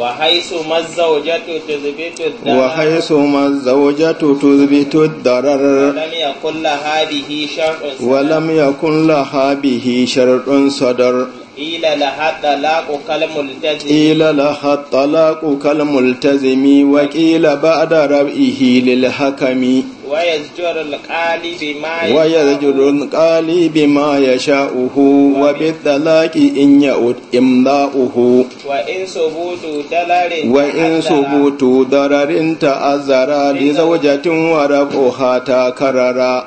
wa haisu mazzawajatu tuzbitu darar wa lam yakun lahabihi sharadun sadar ila la hatta laqu kalmul tazimi wa qila ba'da rabihi lil hakami waya zujurul qalibi ma ya sha'uhu wa bi talaqi in ya'ud imda'uhu wa in subutu dararin ta'azzara li zawjatin wa rabuha ta karara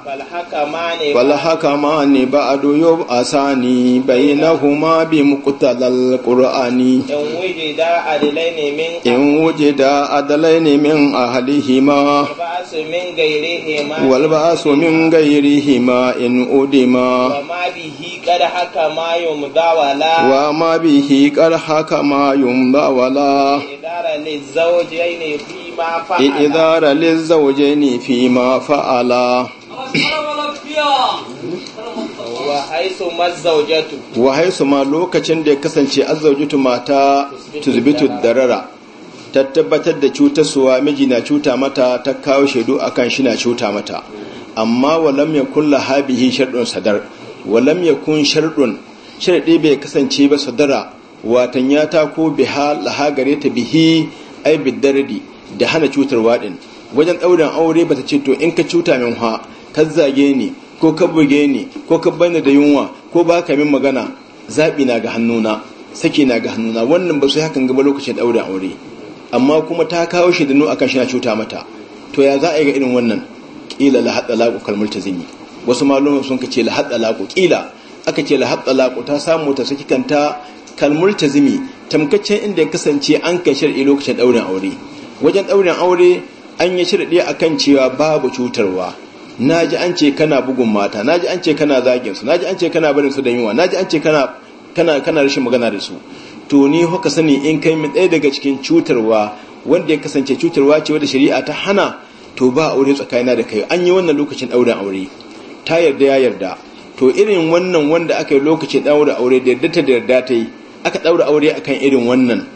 fal hakamani ba'du yub asani bainahuma bi muqtalal qur'ani in wujida adlaini min ahlihima ba'su min walba'asu min gairihi ma in udima wa ma bihi kar haka ma yumdawala idara li zauje ne fi ma fa'ala wa haisu ma lokacin da ya kasance azzaujatu mata tuzbitu darara ta tabbatar da cutarsuwa miji na cuta mata ta kawo shaidu akan shi na cuta mata amma walam ya kulla habihi sharɗin sadar walam ya kun sharɗin sharɗi bai kasance ba sadara watan ya ta ko biha laha gare ta bihi ai bidardi da hana cutar waɗin wajen ɗaurin aure ba ta ce to in ka cuta min ha ka zage ni ko ka buge ni ko ka bani da yunwa ko ba ka min magana zaɓi na ga hannuna saki na ga hannuna wannan ba sai hakan gaba lokacin ɗaurin aure amma kuma ta kawo shi da nu akan shi na cuta mata to ya za a yi ga irin wannan ƙila la haɗa laƙo kalmar ta wasu malumin sun kace la haɗa laƙo ƙila aka ce la haɗa laƙo ta samu ta saki kanta kalmar ta zimi tamkaccen inda ya kasance an kai shirɗi lokacin ɗaurin aure wajen ɗaurin aure an yi shirɗi akan cewa babu cutarwa na ji an ce kana bugun mata na ji an ce kana zagin su na ji an ce kana barin su da yunwa na ji an ce kana rashin magana da su to ni haka sani in kai min ɗaya daga cikin cutarwa wanda ya kasance cutarwa ce wadda shari'a ta hana to ba aure tsakanina da kai an yi wannan lokacin ɗaurin aure ta yarda ya yarda to irin wannan wanda aka yi lokacin ɗaura aure da yarda ta da yarda ta yi aka ɗaura aure akan irin wannan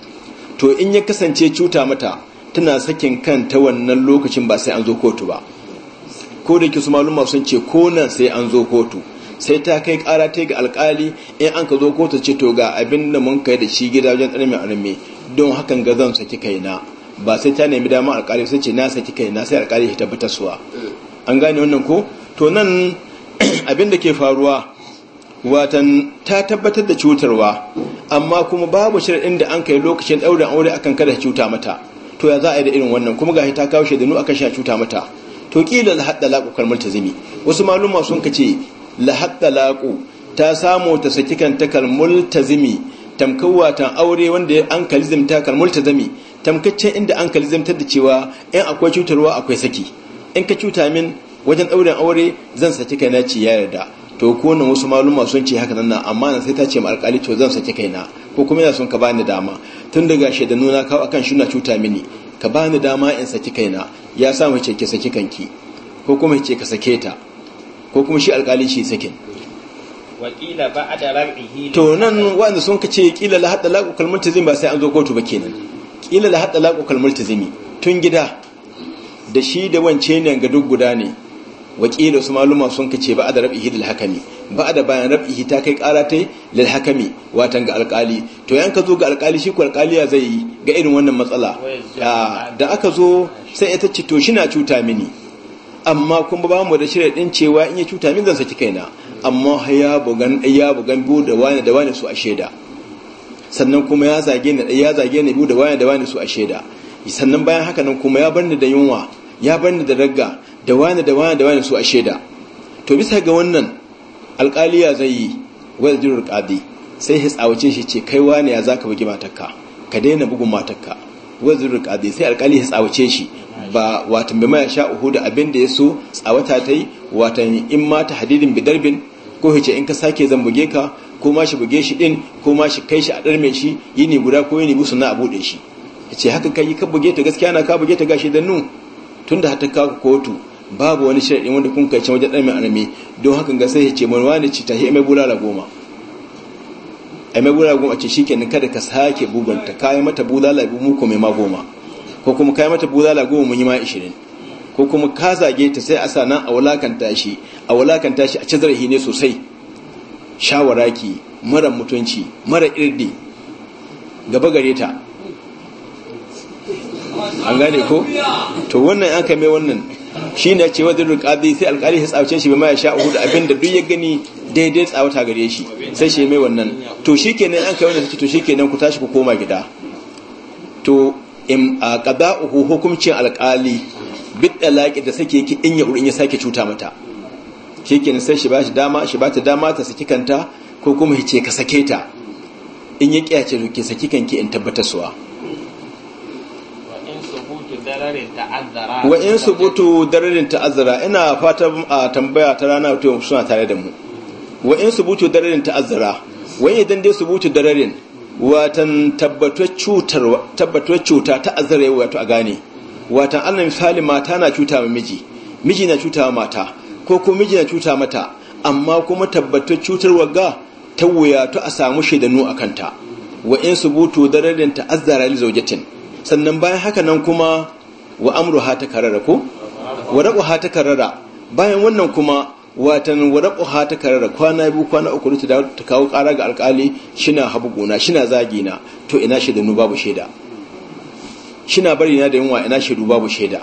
to in ya kasance cuta mata tana sakin kan ta wannan lokacin ba sai an zo kotu ba ko da ke su maluma sun ce ko nan sai an zo kotu sai ta kai kara ta ga alkali in an ka zo kotu ce to ga abin da mun kai da shi gida wajen tsarmi arme don hakan ga zan saki kai na ba sai ta nemi dama alkali sai ce na saki kai na sai alkali ya tabbata suwa an gane wannan ko to nan abin da ke faruwa watan ta tabbatar da cutarwa amma kuma babu shirin da an kai lokacin ɗaurin aure akan kada cuta mata to ya za a yi da irin wannan kuma gashi ta kawo shaidanu akan sha cuta mata to kila la hadda la multazimi wasu maluma sun ka ce. lahaqqalaqu ta samu ta saki kanta kal multazimi ta aure wanda an kalizimta kal multazimi tamkaccen inda an kalizimtar da cewa in akwai cutarwa akwai saki in ka cuta min wajen ɗaurin aure zan saki kaina ci ya yarda to ko nan wasu maluma sun ce haka nan amma na sai ta ce ma alƙali to zan saki kaina ko kuma yana son ka bani dama tun daga da nuna kawo akan shi na cuta mini ka bani dama in saki kaina ya sa ce ki saki kanki ko kuma ce ka sake ta ko kuma shi alkali shi sakin wakila ba'da rar'ihi to nan wanda sun kace kila la hadda laqu kal multazim ba sai an zo kotu ba kenan kila la hadda laqu kal multazimi tun gida da shi da wance ne ga duk guda ne wakila su maluma sun kace ba a da rabihi lil hakami ba a da bayan rabihi ta kai kara tai lil hakami watan ga alkali to yan ka zo ga alkali shi ko alkali ya zai ga irin wannan matsala ah, da aka zo sai ita ce to shi na cuta mini amma kuma ba mu da shirya din cewa in ya cuta min zan saki kaina amma ya bugan ya bugan biyu da wani da wani su a sheda sannan kuma ya zage ni ya zage ni biyu da wani da wani su a sheda sannan bayan haka nan kuma ya bar ni da yunwa ya bar ni da ragga da wani da wani da wani su a sheda to bisa ga wannan alƙali ya zai yi wal jirur qadi sai ya tsawace shi ce kai wani ya zaka bugi matarka ka daina bugun matarka wazirin kadai sai alkali ya tsawace shi ba watan bai mai sha uhu da abin da ya so tsawata ta yi watan in ma ta hadidin bidarbin ko hice in ka sake zan buge ka ko ma shi buge shi din ko ma shi kai shi a darme shi yini guda ko yini busu na abu buɗe shi yace haka kai ka buge ta gaskiya na ka buge ta gashi da nu tun tunda hatta ka kotu babu wani shirin wanda kun kai can wajen darme anami don haka ga sai yace manwa ne ci ta mai bulala goma a mai gura goma ce shikenan kada ka sake bugunta kai mata bulala mu ko mai ma goma ko kuma kai mata bulala goma mun yi ma 20 ko kuma ka zage ta sai a sanan nan a wulakanta shi a wulakanta shi a ci zarhi ne sosai shawara ki mara mutunci mara irdi gaba gare ta an gane ko to wannan an kame wannan shi ne ce wadda rukadi sai alƙali ya shi bai ma ya sha uku da abinda duk ya gani daidai ta gare shi sai shi mai wannan to shi kenan an kai wannan to kenan ku tashi ku koma gida to in a uku hukumcin alqali bid dalaki da sake ki in ya urin ya sake cuta mata kenan sai shi bashi dama shi bata dama ta saki kanta ko kuma hice ka sake ta in ya kiyace ki saki kanki in tabbatar suwa wa in subutu dararin ta'azzara ina fata a tambaya ta rana ta suna tare da mu wa in bucu dararin ta'azzara wai idan dai bucu dararin watan tabbatuwar cuta ta yau wato a gane watan allah misali mata na cuta ma miji miji na cuta mata ko ko miji na cuta mata amma kuma tabbatar cutar waga ta wuyatu a samu shaidanu a kanta wa in bucu dararin ta'azzara yau zaujatin sannan bayan haka nan kuma wa amruha ta karara ko wa ta karara bayan wannan kuma watan wada ha ta karara kwana biyu kwana uku ta dawo ta kawo ƙara ga alƙali shina gona shina zagina to ina shaidanu babu shaida shina bari na da yunwa ina shaidu babu shaida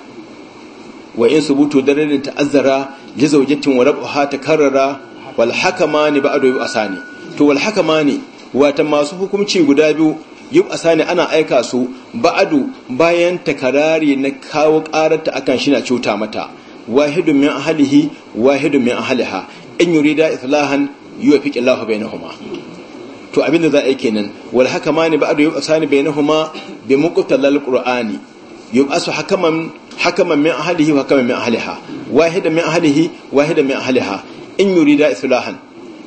wa in subutu ta ta'azzara li zawjatin wa ta karara wal hakamani ba'du yubasani to wal hakamani watan masu hukunci guda biyu yubasani ana aika su ba'du bayan takarari na kawo ƙararta akan shina cuta mata wahidun min ahlihi wahidun min ahliha in yurida islahan yuwaffiqu Allahu bainahuma to abinda za a yi kenan wal haka ma ne ba adu yubasani bainahuma bi muqtalal qur'ani yubasu hakaman hakaman min ahlihi wa hakaman min ahliha wahidun min ahlihi wahidun min ahliha in yurida islahan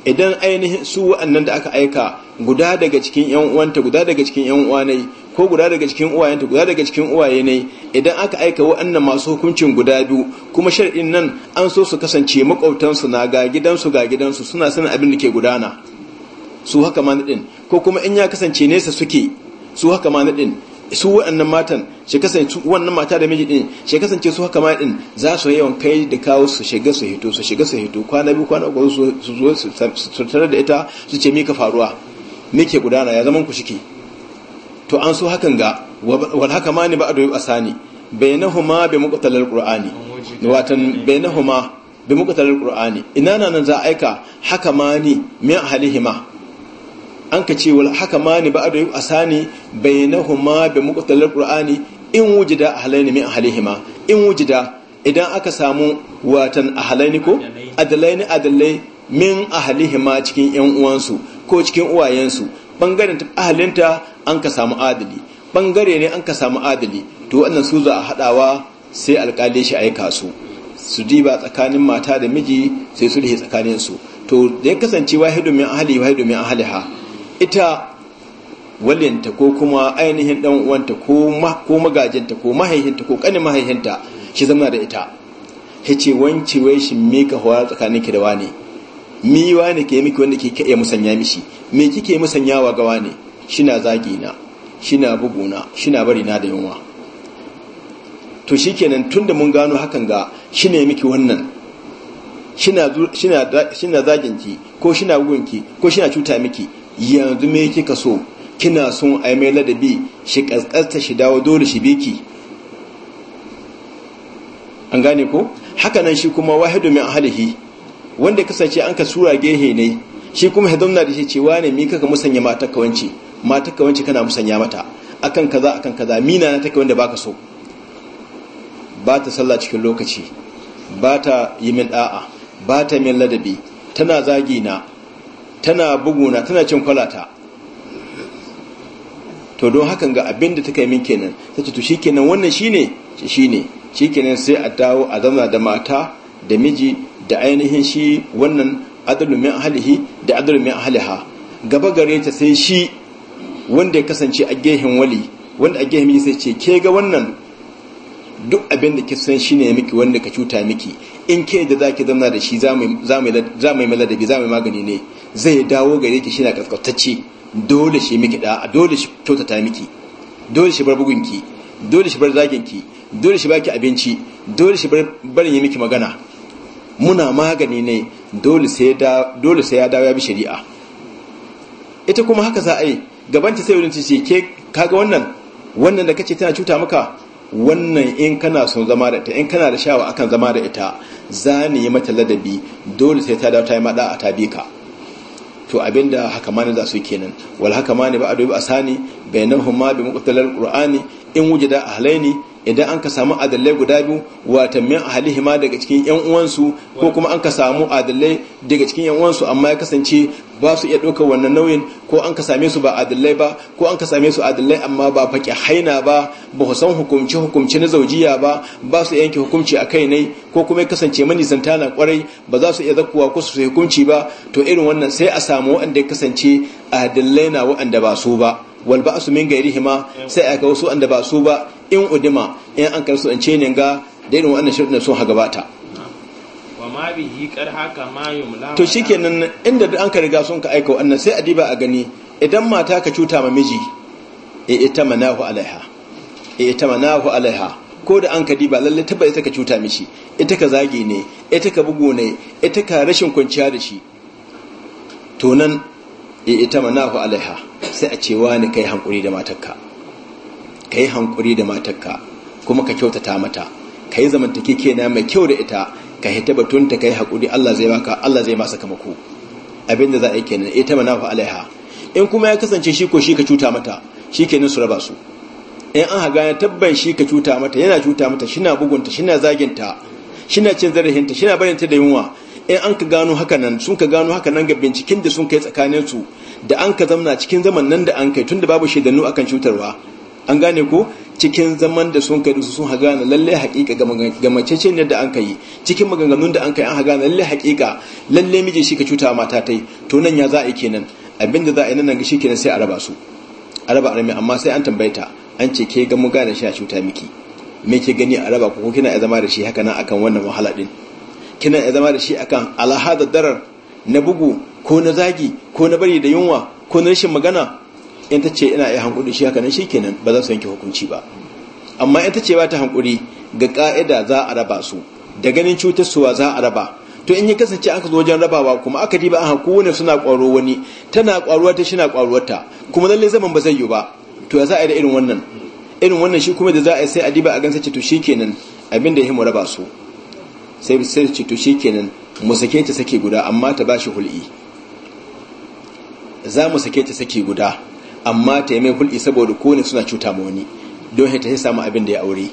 idan ainihin su wa'annan da aka aika guda daga cikin yan uwanta guda daga cikin yan uwanai ko guda daga cikin uwayenta guda daga cikin uwaye ne idan aka aika wa'annan masu hukuncin guda biyu kuma shar'in nan an so su kasance makwautansu na ga gidansu ga gidansu suna sanin abin da ke gudana su haka ma nadin ko kuma in ya kasance nesa suke su haka ma nadin su wa'annan matan shi kasance wannan mata da miji din shi kasance su haka ma din za su yawan kai da kawo su shiga su hito su shiga su hito kwana biyu kwana uku su zo su tare da ita su ce mika ka faruwa me ke gudana ya zaman ku shike to an so hakan ga wal haka ma ni ba adu asani bainahuma bi muqtalal qur'ani watan bainahuma bi muqtalal qur'ani ina nan za aika haka ma ni min ahlihima an ka ce wal haka ma ni ba adu asani bainahuma bi muqtalal qur'ani in wujida ahlaini min ahlihima in wujida idan aka samu watan ahlaini ko adalaini adalai min ahlihima cikin yan uwansu ko cikin uwayensu bangaren ahalinta an ka samu adali bangare ne an ka samu adali to wannan su za a hadawa sai alkali shi aika su su diba tsakanin mata da miji sai su rihe tsakanin su to da ya kasance wahidu min ahli wahidu min ha ita walinta ko kuma ainihin dan uwanta ko ko magajinta ko mahaihinta ko kanin mahaihinta shi zama da ita hace wance wai shi mika hawa tsakanin ki da wani mi wani ke miki wanda ke iya musanya mishi me kike musanyawa gawa ne shina zagi na shina buguna shina bari na da yunwa to shikenan tunda mun gano hakan ga shine miki wannan shina shina zagin ki ko shina bugun ki ko shina cuta miki yanzu me kika so kina son ai mai ladabi shi kaskasta shi dawo dole shi biki an gane ko haka nan shi kuma wahidu min ahlihi wanda kasance an ka sura gehe ne shi kuma hidimna da shi cewa ne mi kaka musanya mata kawanci mata kawanci kana musanya mata akan kaza akan kaza mina na take wanda baka so ba ta sallah cikin lokaci ba ta yi min da'a ba ta min ladabi tana zagi na tana buguna tana cin kwalata to don hakan ga abin da ta kai min kenan ta ce to shi kenan wannan shi ne shi ne shi kenan sai a dawo a zama da mata da miji da ainihin shi wannan adalun min ahlihi da adalun min ahliha gaba gare ta sai shi wanda ya kasance a gehen wali wanda a gehen sai ce ke ga wannan duk abin da ke san shi ne miki wanda ka cuta miki in ke da zaki zama da shi za mu yi maladabi za mu magani ne zai dawo gare ki shi na dole shi miki da dole shi kyautata miki dole shi bar bugunki dole shi bar zaginki dole shi baki abinci dole shi bar barin miki magana muna magani ne dole sai ya dawo ya bi shari'a ita kuma haka za a yi gabanta sai wurin cece ke kaga wannan wannan da kace tana cuta maka wannan in kana son zama da ita in kana da shawa akan zama da ita za ni yi mata ladabi dole sai ta dawo ta yi mada a bi ka to abinda haka ma ne za su kenan wal haka ma ne ba a dubi asani bayanan huma bi muqtalal qur'ani in wujida ahlaini idan an ka samu adalai guda biyu wata min hima daga cikin yan uwansu ko kuma an ka samu adalai daga cikin yan uwansu amma ya kasance ba su iya ɗaukar wannan nauyin ko an ka same su ba adalai ba ko an ka same su adalai amma ba faƙi haina ba ba san hukumci hukumci na zaujiya ba ba su yanke hukumci a kai ne ko kuma ya kasance zanta na kwarai ba za su iya zakuwa ko su hukumci ba to irin wannan sai a samu waɗanda ya kasance adalai na waɗanda ba su ba wal ba su min gairihima sai aka wasu wanda ba su ba in udima in an karsu an ce ne ga da irin wannan shirin sun ha gabata to shikenan inda duk an ka riga sun ka aika wannan sai adiba a gani idan mata ka cuta ma miji e ita manahu alaiha e ita manahu alaiha ko da an ka diba lalle tabbata ita ka cuta mishi ita ka zage ne ita ka bugu ne ita ka rashin kwanciya da shi to nan e ita manahu alaiha sai a cewa ni kai hankuri da matarka ka yi hankuri da matakka kuma ka kyautata mata ka yi zamantake kenan mai kyau da ita ka hita ta ka yi haƙuri Allah zai baka Allah zai masa sakamako. abin da za a yi kenan ita manafa alaiha in kuma ya kasance shi ko shi ka cuta mata shi kenan su raba su in an haga tabban shi ka cuta mata yana cuta mata shina bugunta shina zaginta shina cin zarafinta shina ta da yunwa in an ka gano haka nan sun ka gano haka nan ga binciken da sun kai tsakaninsu da an ka zamna cikin zaman nan da an kai tun da babu shaidannu akan cutarwa an gane ko cikin zaman da sun kai sun haga na lalle haƙiƙa ga macece ne da an kai cikin maganganun da an kai an haga na lalle haƙiƙa lalle miji shi ka cuta mata tai to nan ya za a yi kenan abin da za a yi nan shi kenan sai a raba su a raba arami amma sai an tambaye ta an ce ke ga mun gane shi a cuta miki me ke gani a raba ko kina ya zama da shi haka nan akan wannan wahala din kina ya zama da shi akan alhada darar na bugu ko na zagi ko na bari da yunwa ko na rashin magana in ta ce ina iya hankuri shi haka nan kenan ba za su yanke hukunci ba amma in ta ce ba ta hankuri ga ka'ida za a raba su da ganin cutar suwa za a raba to in ya kasance aka zo wajen rabawa kuma aka diba a wani suna kwaro wani tana kwaruwa ta shi na kwaruwarta kuma lalle zaman ba zai yi ba to ya za a yi da irin wannan irin wannan shi kuma da za a yi sai a diba a gansa ce to shikenan abin da ya himu raba su sai sai ce to kenan mu sake ta sake guda amma ta ba shi hul'i za mu sake ta sake guda amma ta yi mai hulɗi saboda kone suna cuta ma wani don ta yi samu abin da ya aure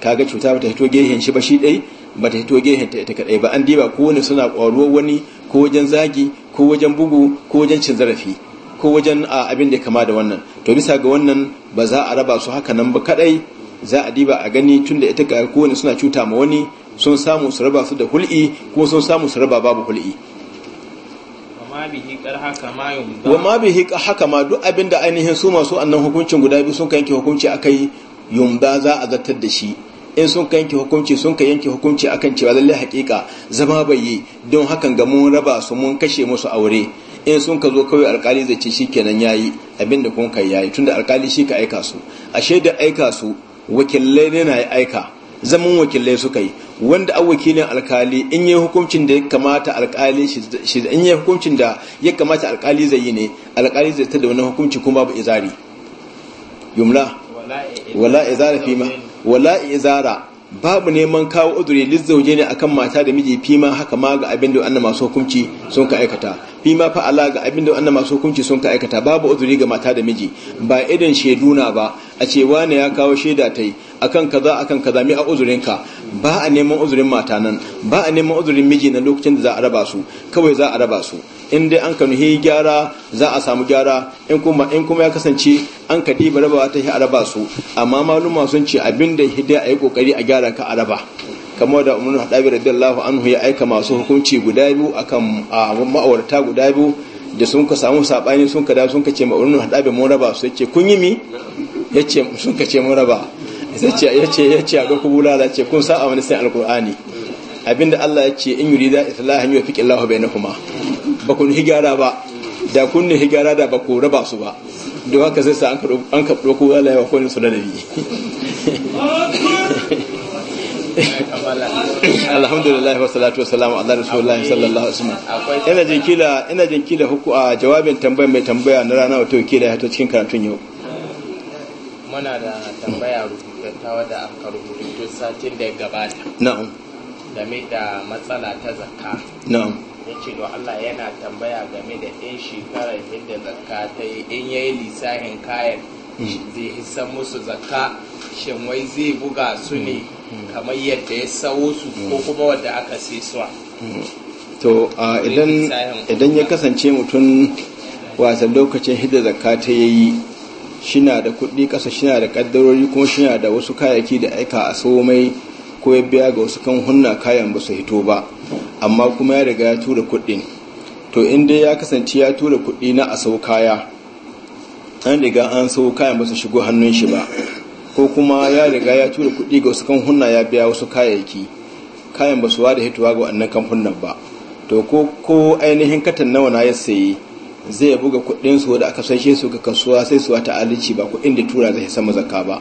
kaga cuta ba ta hito gehen shi ba shi ɗai ba ta hito gehen ta ita kaɗai ba an diba kone suna ƙwaruwar wani ko wajen zagi ko wajen bugu ko wajen cin zarafi ko wajen abin da ya kama da wannan to bisa ga wannan ba za a raba su haka nan ba kaɗai za a diba a gani tun da ita kone suna cuta ma wani sun samu su raba su da hulɗi ko sun samu su raba babu hulɗi haka ma wa ma bihi haka ma duk abinda ainihin su masu annan hukuncin guda biyu sun ka yanke hukunci akai yumda za a zartar da shi in sun ka yanke hukunci sun ka yanke hukunci akan cewa lallai hakika zama bai yi don hakan ga mun raba su mun kashe musu aure in sun ka zo kawai alkali zai ce shikenan yayi abinda kun kai yayi tunda alkali shi ka aika su ashe da aika su wakilai ne na aika zaman wakilai suka yi wanda an wakilin alkali in yi hukuncin da ya kamata alkali shi in yi hukuncin da ya kamata alkali zai yi ne alkali zai ta da wani hukunci kuma babu izari yumla wala izara fi ma wala izara babu neman kawo udure lizzauje ne akan mata da miji fi ma haka ma ga abin da wannan masu hukunci sun ka aikata fi ma fa ala ga abin da wannan masu hukunci sun ka aikata babu udure ga mata da miji ba irin sheduna ba a ce wane ya kawo shaida ta yi akan kaza akan kaza mi a uzurinka ba a neman uzurin mata nan ba a neman uzurin miji na lokacin da za a raba su kawai za a raba su in dai an kanu nuhi gyara za a samu gyara in kuma in kuma ya kasance an ka diba raba ta yi a raba su amma maluma sun ce abin da hidda a yi kokari a gyara ka a raba kamar da umarnu haɗabi radiyallahu anhu ya aika masu hukunci guda biyu akan ma'aurata guda biyu da sun ka samu saɓani sun ka da sun ka ce ma'aurin haɗabi mun raba su ce kun yi mi yace sun kace mu raba yace yace yace a doku bulala ce kun sa a wani sai alqur'ani abinda Allah yace in yurida islahan yufiq Allah bainakuma ba kun higara ba da kun ne higara da ba ku raba su ba don haka sai sa an ka doku Allah ya ko ne su da nabi alhamdulillah wa salatu wa salamu ala rasulullah sallallahu alaihi wasallam ina jinkila ina jinkila hukku a jawabin tambayar mai tambaya na rana wato kila ya to cikin karatun yau muna da tambaya rubutattawa da aka rubutu satin da ya gabata na'am game da matsala ta zakka na'am ya ce da Allah yana tambaya game da in shekarar yadda zakka ta yi in yayi lissahin kayan mm. zai hisan musu zakka shin wai zai buga su ne mm. Mm. kamar yadda ya sawo su ko kuma wadda aka sai suwa to idan ya kasance mutum wasan lokacin hidda zakka ta yayi shina da kudi kasa shina da kaddarori kuma shina da wasu kayaki da aika a somai ko ya biya ga wasu kan hunna kayan ba su hito ba amma kuma ya riga ya tura kudin to in dai ya kasance ya tura kudi na a sau kaya an riga an sau kayan ba su shigo hannun shi ba ko kuma ya riga ya tura kudi ga wasu kan hunna ya biya wasu kayayyaki kayan ba su wada hitowa ga wannan kamfunan ba to ko ainihin katan nawa na ya sayi zai buga kudin su da aka sashe su ga kasuwa sai su wata alici ba kudin da tura zai samu zakka ba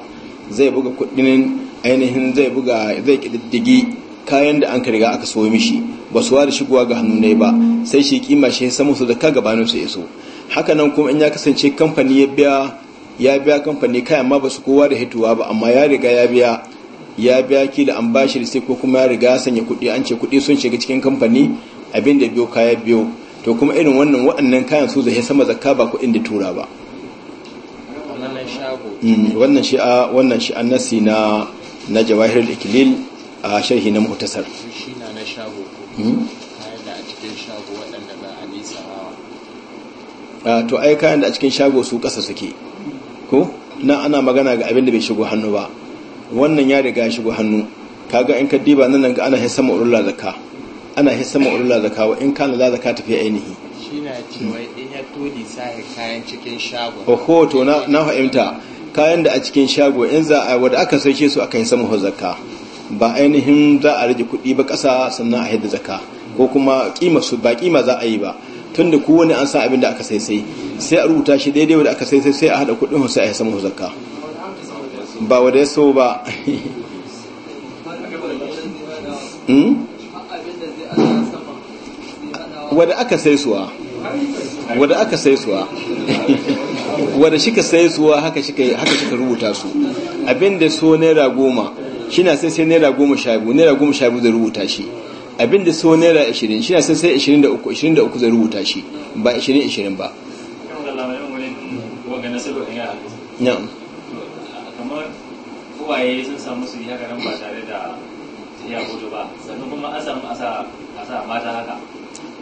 zai buga kudin ainihin zai buga zai kididdigi kayan da an riga aka soyo mishi ba su ware shigowa ga hannu ne ba sai shi kima shi samu su zakka gabanin su iso haka nan kuma in ya kasance kamfani ya biya ya biya kamfani kayan ma ba su kowa da hituwa ba amma ya riga ya biya ya biya kila an bashi sai ko kuma ya riga ya sanya kuɗi an ce kuɗi sun shiga cikin kamfani abin da biyo kaya biyo to kuma irin wannan waɗannan kayan su zai sama zakka ba ku inda tura ba mm, wannan shi a wannan shi an nasi na na jawahir al-ikilil a sharhi na muhtasar mm. a a to ai kayan da a cikin shago su ƙasa suke ko na ana magana ga abin da bai shigo hannu ba wannan ya riga ya shigo hannu kaga in ka diba nan ga ana hisa ma'ulula zakka ana hisa ma'ulula zaka wa in kana na zaka tafi ainihi shi na cewa in ya toli sahi kayan cikin shago Ko to na fahimta kayan da a cikin shago in za a wadda aka sauke su aka sama mahu zaka, ba ainihin za a rage kuɗi ba ƙasa sannan a haida zaka, ko kuma kima su ba kima za a yi ba tun da kowane an sa abin da aka sai sai sai a rubuta shi daidai wadda aka sai sai sai a haɗa kuɗin sai a sama mahu zaka. ba wadda ya so ba Hmm? wadda aka sai suwa wadda aka sai suwa wadda shi ka sai suwa haka shi ka rubuta su abinda so naira goma shi na sai sai naira goma sha biyu naira goma sha biyu zai rubuta shi abinda so naira ashirin shi na sai sai ashirin da uku ashirin da uku zai rubuta shi ba ashirin ashirin ba na'am kamar sun samu su yi hakanan ba tare da ya ba sannan kuma a samu a sa mata haka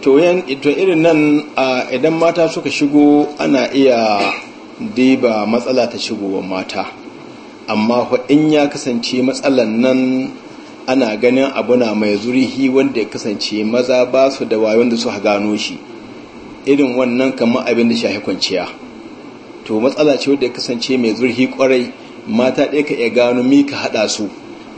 to irin nan idan mata suka shigo ana iya diba matsala ta shigowar mata amma in ya kasance matsalan nan ana ganin abuna mai zurhi wanda ya kasance maza ba su da wayon da su gano shi irin wannan kamar abin da shahi kwanciya to matsala ce wanda ya kasance mai zurhi kwarai mata ɗaya ka iya gano mi ka haɗa su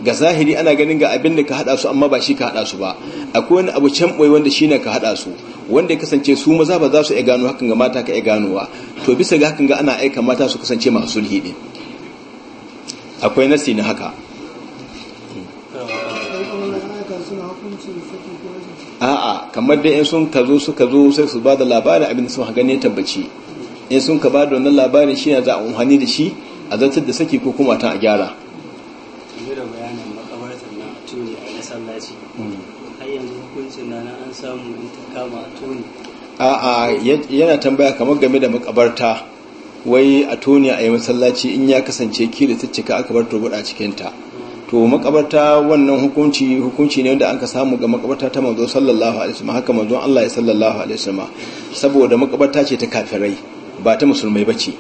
ga zahiri ana ganin ga abin da ka hada su amma ba shi ka hada su ba akwai wani abu can boye wanda shi ne ka hada su wanda ya kasance su maza ba za su iya gano hakan ga mata ka iya ganowa to bisa ga hakan ga ana aika mata su kasance masu sulhi din akwai nasi na haka a'a kamar dai in sun ka zo suka zo sai su ba da labarin abin da sun haga ne tabbaci in sun ka ba da wannan labarin shi ne za a umhani da shi a zartar da saki ko kuma ta a gyara lokacin na an samu ita kama a toni a'a yana tambaya kamar game da makabarta wai a toni a yi masallaci in ya kasance kila ta cika aka bar turbuda cikinta to makabarta wannan hukunci hukunci ne wanda aka samu ga makabarta ta manzo sallallahu alaihi wasallam haka manzo Allah ya sallallahu alaihi wasallam saboda makabarta ce ta kafirai ba ta musulmai bace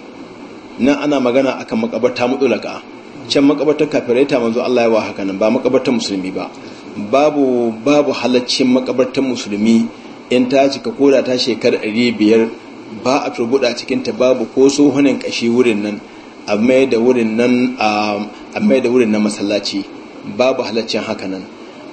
nan ana magana akan makabarta mutulaka can makabartar kafirai ta manzo Allah ya wa haka nan ba makabartar musulmi ba babu babu halaccin makabartar musulmi in ta cika koda ta shekarar 500 ba a turbuda cikin ta babu ko tsohonin kashi wurin nan a mai da wurin nan masallaci babu halaccin haka nan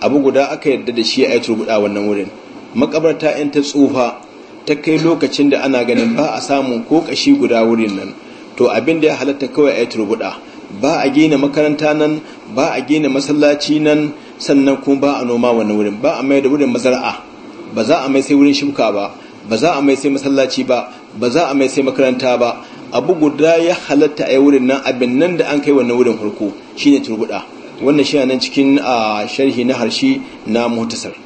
abu guda aka yarda da shi a yi turbuda wannan wurin makabarta in ta tsufa ta kai lokacin da ana ganin ba a samun ko kashi guda wurin nan to abin da ya halatta kawai a yi turbuda ba a gina makaranta nan ba a gina masallaci nan sannan kuma ba a noma wannan wurin ba a mai da wurin mazara'a ba za a mai sai wurin shuka ba ba za a mai sai masallaci ba ba za a mai sai makaranta ba abu guda ya halatta a yi wurin nan abin nan da an kai wannan wurin farko shine turbuda wannan shi nan cikin a sharhi na harshe na muhtasar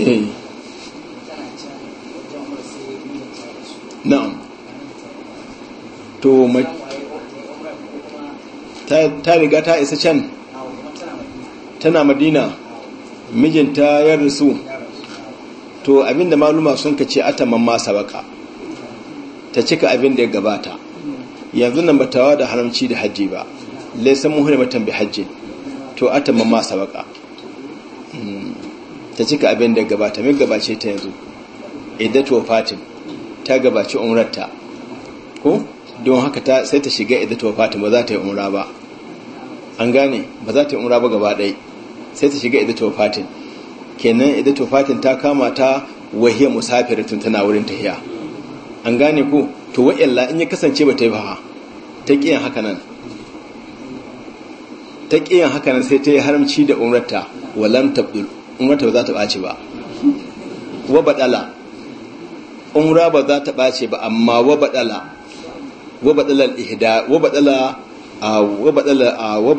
eh. na'am to ta riga ta isa can tana madina mijinta ya rasu to abinda maluma sun kace ce ataman ma baka ta cika abinda ya gabata yanzu nan batawa da haramci da hajji ba laisan muhuri matan bi hajji to ataman ma sabaka hmm. ta cika abinda ya gabata mai gabace ta yanzu idda wa fatin ta gabaci umrarta ko don haka ta sai ta shiga idda ta fatima za ta yi umra ba an gane ba za ta yi umra ba gaba ɗai sai ta shiga idda ta fatin kenan idda ta fatin ta kama ta wahiya tun tana wurin tahiya an gane ko to wa'illa in ya kasance ba ta yi ba ta kiyan haka nan ta kiyan haka nan sai ta yi haramci da umrarta walam tabdul umrarta ba za ta ɓaci ba wa badala umra ba za ta ɓace ba amma wa baɗalar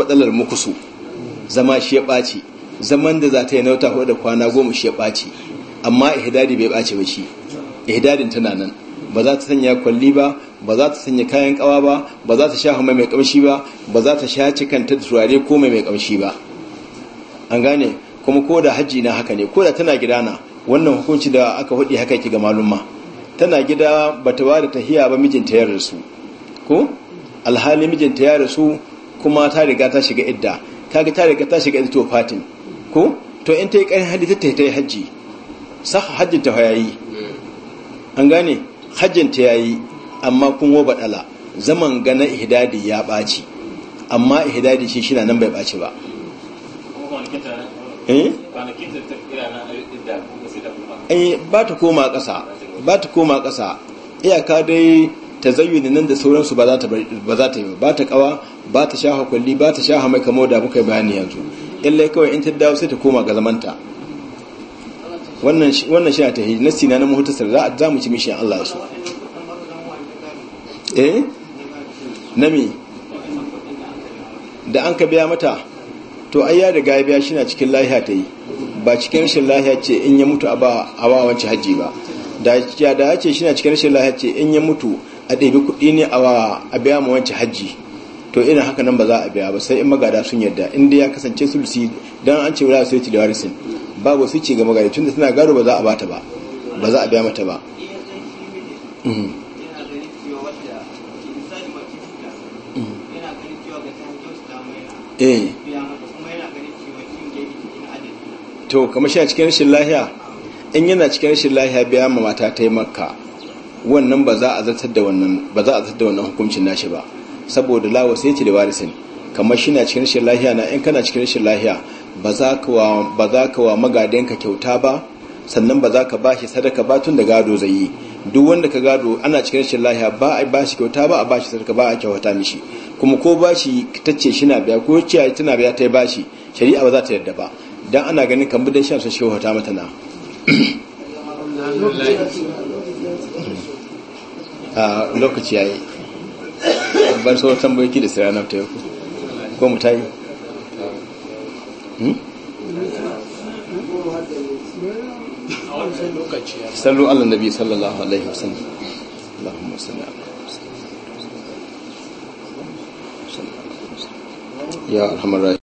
ihda mukusu zama shi ya ɓace zaman da za ta yi nauta hudu da kwana goma shi ya ɓace amma ihdadi bai ɓace ba shi ihdadin tana nan ba za ta sanya kwalli ba ba za ta sanya kayan kawa ba ba za ta sha hama mai kamshi ba ba za ta sha cikin da turare ko mai mai kamshi ba an gane kuma ko da hajji na haka ne ko da tana gidana wannan hukunci da aka hudi haka ki ga malumma tana gida bata ware tahiya ba mijinta ya rasu ko alhali mijinta ya rasu kuma ta riga ta shiga idda kaga ta riga ta shiga idda to fatin ko to in ta yi ƙarin hadi ta ta yi hajji sah hajjin ta yayi an gane hajjin ta yayi amma kun wo badala zaman gana ihdadi ya baci amma ihdadi shi shi nan bai baci ba eh? eh ba ta koma ƙasa ba ta koma ƙasa iyaka dai ta zayyuni nan da sauransu ba za ta yi ba ta kawa ba ta shaha kwalli ba ta shaha mai kamo da muka yi bayani yanzu illai kawai in ta dawo sai ta koma ga zamanta wannan shi a ta hiji nasi na na muhutasar za mu ci mishiyan allah su eh nami da an ka biya mata to ai ya riga biya shi na cikin lahiya ta yi ba cikin rashin lahiya ce in ya mutu a ba wancan hajji ba da ya ce shi na cikin rashin lahiya ce in ya mutu a ɗabi kuɗi ne a biya ma wancan hajji to ina haka nan ba za a biya ba sai in magada sun yadda in dai ya kasance sulusi don an ce wula sai da warisin babu su ci ga magada tun da suna gado ba za a bata ba ba za a biya mata ba to kamar shi a cikin rashin lahiya in yana cikin rashin lahiya biya ma mata ta maka wannan ba za a zartar da wannan ba za a zartar da wannan hukuncin nashi ba saboda lawa sai da warisin kamar shi na cikin rashin lahiya na in kana cikin rashin lahiya ba za ka wa ba za ka wa magadanka kyauta ba sannan ba za ka ba shi sadaka ba tun da gado zai duk wanda ka gado ana cikin rashin lahiya ba a ba shi kyauta ba a ba shi sadaka ba a kyauta mishi kuma ko ba shi ce shi na biya ko ciya tana biya ta yi ba shi shari'a ba za ta yarda ba dan ana ganin kamar dan shan sun shi kyauta mata na a ah, lokaci ya yi bar sauran tambayoyi da siranar ta yaku ko mu ta yi hmm? sallu allah nabi sallallahu alaihi wasallam ya arhamar